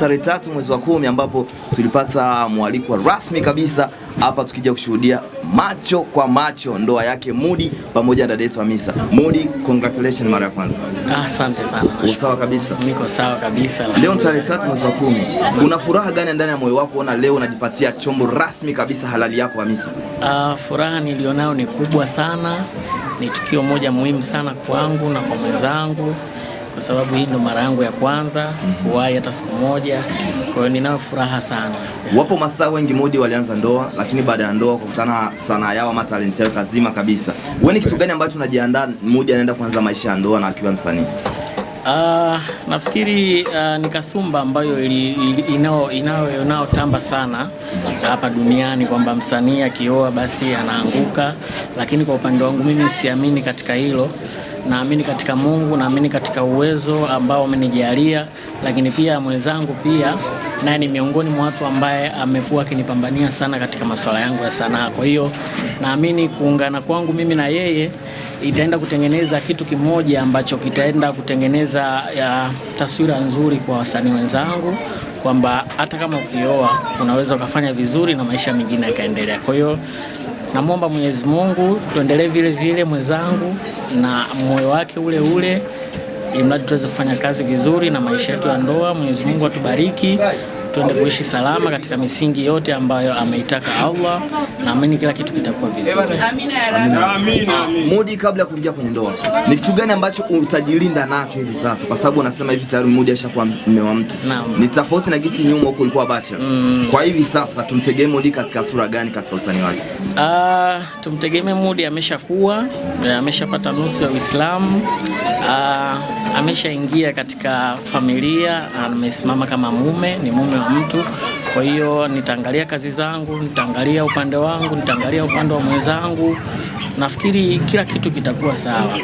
tarehe tatu mwezi wa kumi ambapo tulipata mwaliko rasmi kabisa hapa tukija kushuhudia macho kwa macho ndoa yake Mudi pamoja na dada yetu Hamisa. Mudi, congratulations mara ya kwanza. Ah, asante ah, sana. Sawa kabisa. Niko sawa kabisa. Leo tarehe tatu mwezi wa kumi, una furaha gani ndani ya moyo wako ona leo unajipatia chombo rasmi kabisa halali yako Hamisa? Ah, furaha nilionayo ni kubwa sana, ni tukio moja muhimu sana kwangu na kwa mwenzangu kwa sababu hii ndo mara yangu ya kwanza Sikuwahi hata siku moja, kwa hiyo ninayo furaha sana. Wapo mastaa wengi modi walianza ndoa, lakini baada ya ndoa kukutana sanaa yao ama talent yao kazima kabisa. Wewe ni kitu gani ambacho unajiandaa modi anaenda kuanza maisha ya ndoa na akiwa msanii? Uh, nafikiri uh, ni kasumba ambayo inayotamba sana hapa duniani kwamba msanii akioa basi anaanguka, lakini kwa upande wangu mimi siamini katika hilo naamini katika Mungu, naamini katika uwezo ambao amenijalia, lakini pia mwenzangu pia naye ni miongoni mwa watu ambaye amekuwa akinipambania sana katika masuala yangu ya sanaa. Kwa hiyo naamini kuungana kwangu mimi na yeye itaenda kutengeneza kitu kimoja ambacho kitaenda kutengeneza ya taswira nzuri kwa wasanii wenzangu kwamba hata kama ukioa unaweza ukafanya vizuri na maisha mengine yakaendelea. Kwa hiyo Namwomba Mwenyezi Mungu tuendelee vile vile mwenzangu, na moyo wake ule ule, ili mradi tuweze kufanya kazi vizuri na maisha yetu ya ndoa. Mwenyezi Mungu atubariki, tuende kuishi salama katika misingi yote ambayo ameitaka Allah, naamini kila kitu kitakuwa vizuri. Amina, amina. Mudi, kabla ya kuingia kwenye ndoa, ni kitu gani ambacho utajilinda nacho hivi sasa, kwa sababu unasema hivi tayari Mudi ashakuwa mume wa mtu? Ni tofauti na gisi nyuma huko ulikuwa bachelor. Mm. Kwa hivi sasa tumtegemee Mudi katika sura gani katika usanii wake? Uh, tumtegemee Mudi ameshakuwa, eh, ameshapata nusu ya Uislamu, uh, ameshaingia katika familia, amesimama kama mume, ni mume wa mtu. Kwa hiyo nitaangalia kazi zangu, nitaangalia upande wangu, nitaangalia upande wa mwenzangu. Nafikiri kila kitu kitakuwa sawa.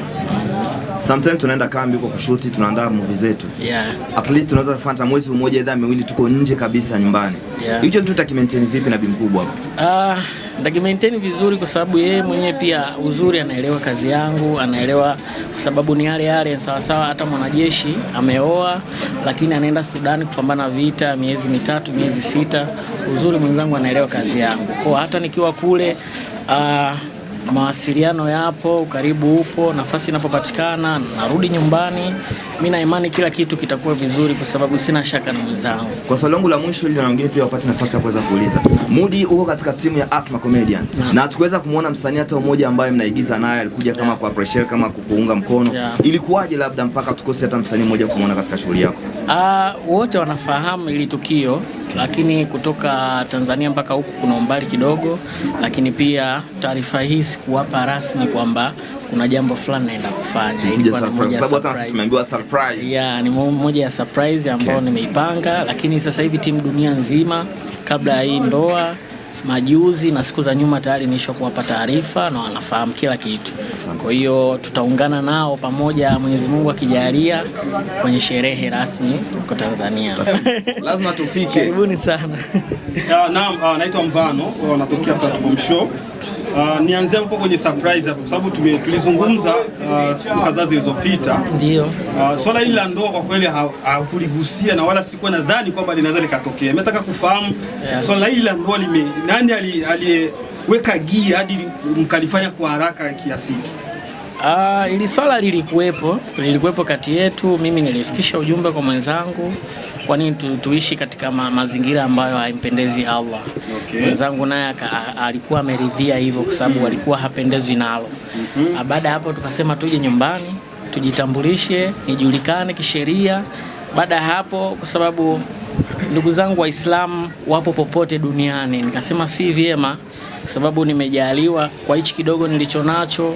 Sometimes tunaenda kambi kwa kushuti, tunaandaa movie zetu. Yeah. At least tunaweza kufanya mwezi mmoja au miwili tuko nje kabisa nyumbani. Hicho kitu tutakimaintain vipi na bi mkubwa Ah, uh, nitakimaintain vizuri, kwa sababu yeye mwenyewe pia uzuri anaelewa kazi yangu, anaelewa kwa sababu ni yale yale sawasawa. Hata mwanajeshi ameoa, lakini anaenda Sudani kupambana vita miezi mitatu miezi sita. Uzuri mwenzangu anaelewa kazi yangu, kwa hata nikiwa kule uh, mawasiliano yapo, karibu upo, nafasi inapopatikana narudi nyumbani. Mimi na imani kila kitu kitakuwa vizuri, kwa sababu sina shaka na mwenzangu. Kwa swali langu la mwisho, ili na wengine pia wapate nafasi ya kuweza kuuliza, Mudi, huko katika timu ya Asma Comedian na, na tukiweza kumwona msanii hata mmoja ambaye mnaigiza naye alikuja kama kwa pressure kama kukuunga mkono ilikuwaje labda mpaka tukose hata msanii mmoja kumwona katika shughuli yako? Ah, wote wanafahamu ili tukio lakini kutoka Tanzania mpaka huku kuna umbali kidogo, lakini pia taarifa hii sikuwapa rasmi kwamba kuna jambo fulani naenda kufanya, ni moja sababu hata tumeambiwa surprise. Yeah, ni moja ya surprise ambayo okay, nimeipanga, lakini sasa hivi timu dunia nzima kabla ya hii ndoa majuzi na siku za nyuma tayari nimesha kuwapa taarifa na wanafahamu kila kitu. Kwa hiyo tutaungana nao pamoja, Mwenyezi Mungu akijalia, kwenye sherehe rasmi huko Tanzania. Lazima tufike. Karibuni sana. Naam, ah, naitwa Mvano, natokea Platform Show. Uh, nianzie hapo kwenye surprise hapo, kwa sababu tulizungumza uh, siku kadhaa zilizopita. Ndio. Uh, swala hili la ndoa kwa kweli hakuligusia na wala sikuwa nadhani kwamba linaweza likatokea. Nataka kufahamu yeah. Swala hili la ndoa lime nani aliyeweka gia hadi mkalifanya kwa haraka kiasi hiki? Uh, ili swala lilikuwepo, lilikuwepo kati yetu, mimi nilifikisha ujumbe kwa mwenzangu kwa nini tu, tuishi katika ma, mazingira ambayo haimpendezi Allah. Okay. Mwenzangu naye alikuwa ameridhia hivyo kwa sababu mm alikuwa hapendezwi nalo. mm -hmm. Baada ya hapo tukasema tuje nyumbani tujitambulishe, nijulikane kisheria. Baada ya hapo, kwa sababu ndugu zangu Waislamu wapo popote duniani, nikasema si vyema, kwa sababu nimejaliwa kwa hichi kidogo nilichonacho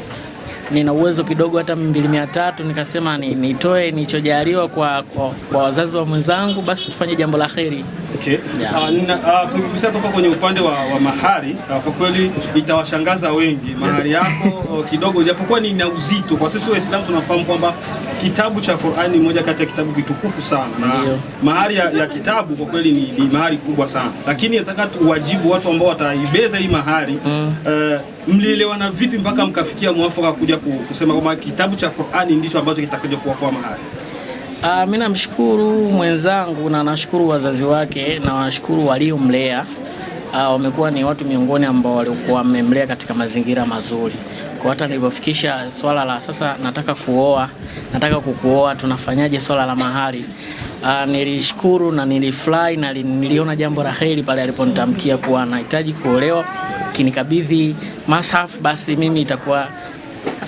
nina uwezo kidogo hata mbili mia tatu nikasema nitoe nilichojaliwa kwa, kwa, kwa wazazi wa mwenzangu, basi tufanye jambo la heri. Okay. yeah. Uh, uh, kwenye upande wa, wa mahari uh, kwa kweli itawashangaza wengi mahari yako oh, kidogo, japokuwa ni na uzito kwa sisi Waislamu tunafahamu kwamba kitabu cha Qur'ani moja kati ya kitabu kitukufu sana na mahali ya, ya kitabu kwa kweli ni, ni mahali kubwa sana, lakini nataka tuwajibu watu ambao wataibeza hii mahali mm. Uh, mlielewana vipi mpaka mkafikia mwafaka kuja kusema kwamba kitabu cha Qur'ani ndicho ambacho kitakuja kwa mahali? Uh, mimi namshukuru mwenzangu na nashukuru wazazi wake na nashukuru waliomlea ah, wamekuwa uh, ni watu miongoni ambao walikuwa wamemlea katika mazingira mazuri kwa hata nilipofikisha swala la sasa nataka kuoa, nataka kukuoa, tunafanyaje swala la mahari? Uh, ah, nilishukuru na nilifurahi na niliona jambo la heri pale aliponitamkia kuwa anahitaji kuolewa, kinikabidhi masaf, basi mimi itakuwa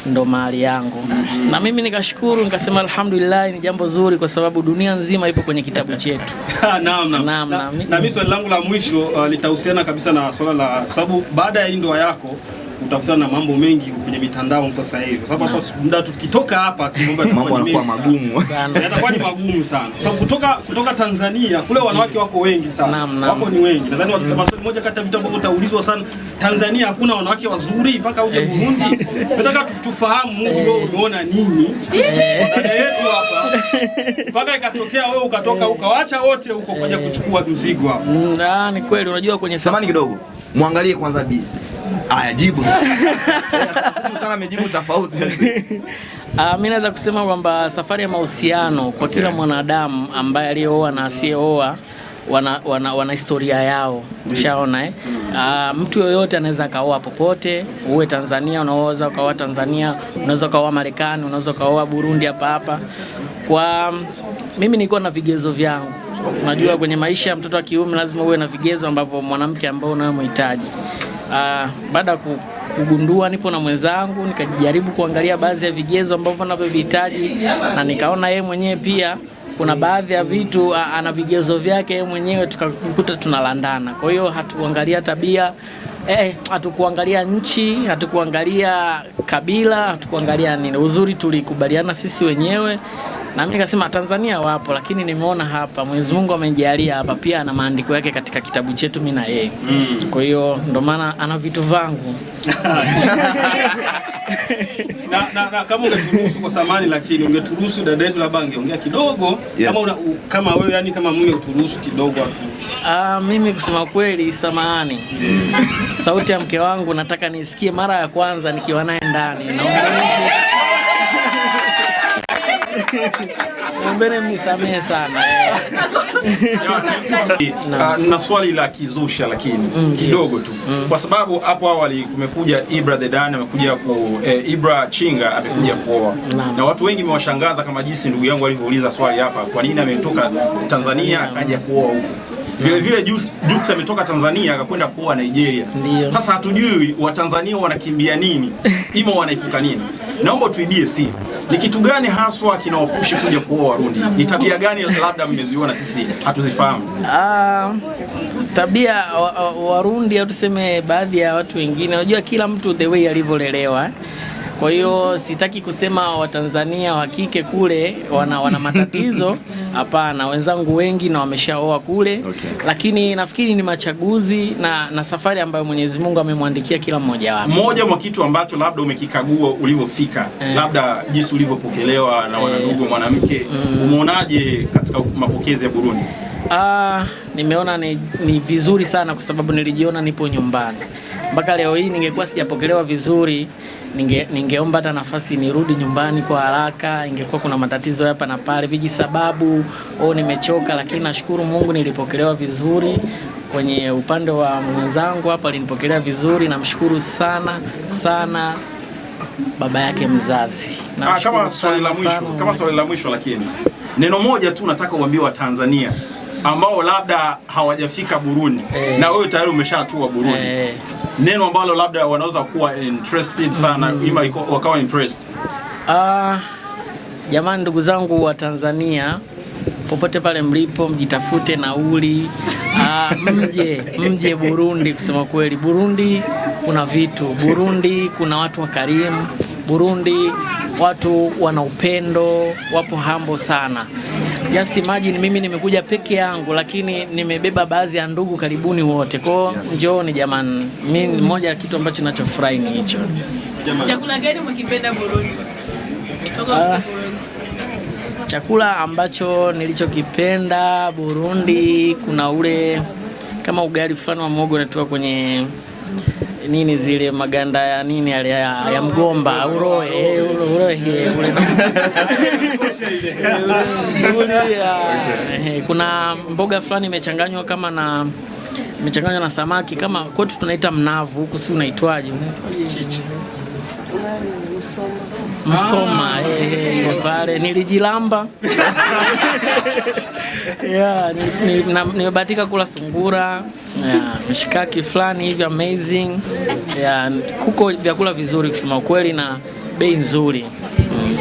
ndo mahari yangu. Na mimi nikashukuru nikasema, alhamdulillah, ni jambo zuri kwa sababu dunia nzima ipo kwenye kitabu chetu. Naam, naam. Naam, na mimi swali langu la mwisho uh, litahusiana kabisa na swala la, kwa sababu baada ya ndoa yako utakutana na mambo mengi kwenye mitandao mpo sasa hivi, sababu hapa muda tukitoka hapa tunaomba mambo yanakuwa magumu sana, yatakuwa ni magumu sana kwa sababu kutoka kutoka Tanzania kule wanawake wako wengi sana, wako ni wengi. Nadhani mm. maswali moja kati ya vitu ambavyo utaulizwa sana Tanzania, hakuna wanawake wazuri mpaka uje eh. Burundi. Nataka tufahamu Mungu eh. wewe umeona nini eh. dada yetu hapa mpaka ikatokea wewe ukatoka ukawaacha wote huko kuja kuchukua mzigo hapo. Mm, ah, Ni kweli, unajua kwenye samani kidogo, muangalie kwanza bi ayajibu Amejibu tofauti. Ah, mi naweza kusema kwamba safari ya mahusiano kwa kila yeah, mwanadamu ambaye aliyeoa na asiyeoa wana, wana, wana historia yao ushaona eh? Uh, mtu yoyote anaweza akaoa popote, uwe Tanzania unaoza ukaoa Tanzania, unaweza ukaoa Marekani, unaweza ukaoa Burundi hapa hapa. Kwa mimi nilikuwa na vigezo vyangu Unajua, kwenye maisha ya mtoto wa kiume lazima uwe na vigezo ambavyo mwanamke ambao unayomhitaji. Uh, ah, baada ya kugundua nipo na mwenzangu, nikajaribu kuangalia baadhi ya vigezo ambavyo navyovihitaji, na nikaona yeye mwenyewe pia kuna baadhi ya vitu ana vigezo vyake yeye mwenyewe, tukakuta tunalandana. Kwa hiyo hatukuangalia tabia eh, hatukuangalia nchi, hatukuangalia kabila, hatukuangalia nini. Uzuri tulikubaliana sisi wenyewe na mimi nikasema Tanzania wapo, lakini nimeona hapa Mwenyezi Mungu amenijalia hapa pia ana maandiko yake katika kitabu chetu mimi na yeye mm. Kwa hiyo ndo maana ana vitu vangu na, na, na kama ungeturuhusu kwa samani, lakini ungeturuhusu dada yetu labda angeongea kidogo yes. Kama, una, kama wewe yani kama mume uturuhusu kidogo Ah, mimi kusema kweli samahani. Sauti ya mke wangu nataka nisikie mara ya kwanza nikiwa naye ndani. Naomba Mbele mnisamehe sana eh. na, ah, na swali la kizusha lakini mm, kidogo tu mm, kwa sababu hapo awali kumekuja Ibra the Dan amekuja ku eh, Ibra Chinga amekuja mm. kuoa na, na watu wengi mewashangaza kama jinsi ndugu yangu alivyouliza swali hapa, kwa nini ametoka Tanzania akaja kuoa huko vile vile Jux ametoka Tanzania akakwenda kuoa Nigeria. Sasa hatujui Watanzania wanakimbia nini ima wanaepuka nini? Naomba tuibie siri, ni kitu gani haswa kinawapushi kuja kuoa Warundi? Ni tabia gani labda mmeziona sisi hatuzifahamu? Uh, tabia Warundi au tuseme baadhi ya watu wengine, unajua kila mtu the way alivyolelewa kwa hiyo sitaki kusema Watanzania wa kike kule wana, wana matatizo hapana. Wenzangu wengi na wameshaoa kule okay. Lakini nafikiri ni machaguzi na, na safari ambayo Mwenyezi Mungu amemwandikia kila mmoja wao. Mmoja mwa kitu ambacho labda umekikagua ulivyofika eh, labda jinsi ulivyopokelewa na eh. wanandugu eh, mwanamke mm, umeonaje katika mapokezi ya Burundi? Ah, nimeona ni, ni vizuri sana kwa sababu nilijiona nipo nyumbani mpaka leo hii ningekuwa sijapokelewa vizuri, ninge, ningeomba hata nafasi nirudi nyumbani kwa haraka. Ingekuwa kuna matatizo hapa na pale, sababu au oh, nimechoka, lakini nashukuru Mungu nilipokelewa vizuri kwenye upande wa mwenzangu hapa alinipokelea vizuri, namshukuru sana sana baba yake mzazi. ha, ah, kama swali la mwisho, kama swali la mwisho, lakini neno moja tu nataka uambie Watanzania ambao labda hawajafika Burundi, hey. Eh. na wewe tayari umeshatua Burundi hey. Eh neno ambalo labda wanaweza kuwa interested sana mm. ima wakawa impressed? Uh, jamani, ndugu zangu wa Tanzania popote pale mlipo, mjitafute nauli uh, mje mje Burundi. Kusema kweli, Burundi kuna vitu, Burundi kuna watu wakarimu, Burundi watu wana upendo, wapo hambo sana. Just imagine mimi nimekuja peke yangu, lakini nimebeba baadhi ya ndugu karibuni wote kwao. Njooni jamani, mi moja ya kitu ambacho nachofurahi ni hicho. Chakula gani mkipenda Burundi? Uh, chakula ambacho nilichokipenda Burundi kuna ule kama ugali fulani wa mogo unatoka kwenye nini zile maganda ya nini ya, ya, ya mgomba uroe eh, eh, kuna mboga fulani imechanganywa kama na imechanganywa na samaki kama kwetu tunaita mnavu, huku si unaitwaje? Msoma pale eh, nilijilamba Yeah, nimebahatika ni, ni kula sungura yeah, mshikaki fulani hivi amazing yeah, kuko vyakula vizuri kusema ukweli na bei nzuri mm.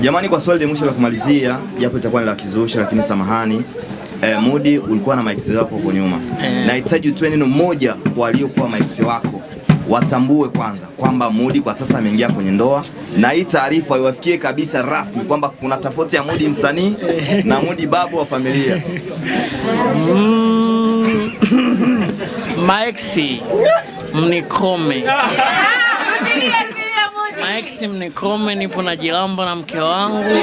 Jamani, kwa swali la mwisho la kumalizia, japo litakuwa ni la kizushi, lakini samahani eh, Mudi ulikuwa na maiksi wako huko nyuma eh. Nahitaji utoe neno moja kwa aliyokuwa maiksi wako watambue kwanza kwamba Mudi kwa sasa ameingia kwenye ndoa, na hii taarifa iwafikie kabisa rasmi kwamba kuna tofauti ya Mudi msanii na Mudi babu wa familia. Mm. Maxi mnikome, Maxi mnikome, nipo na jilamba na mke wangu.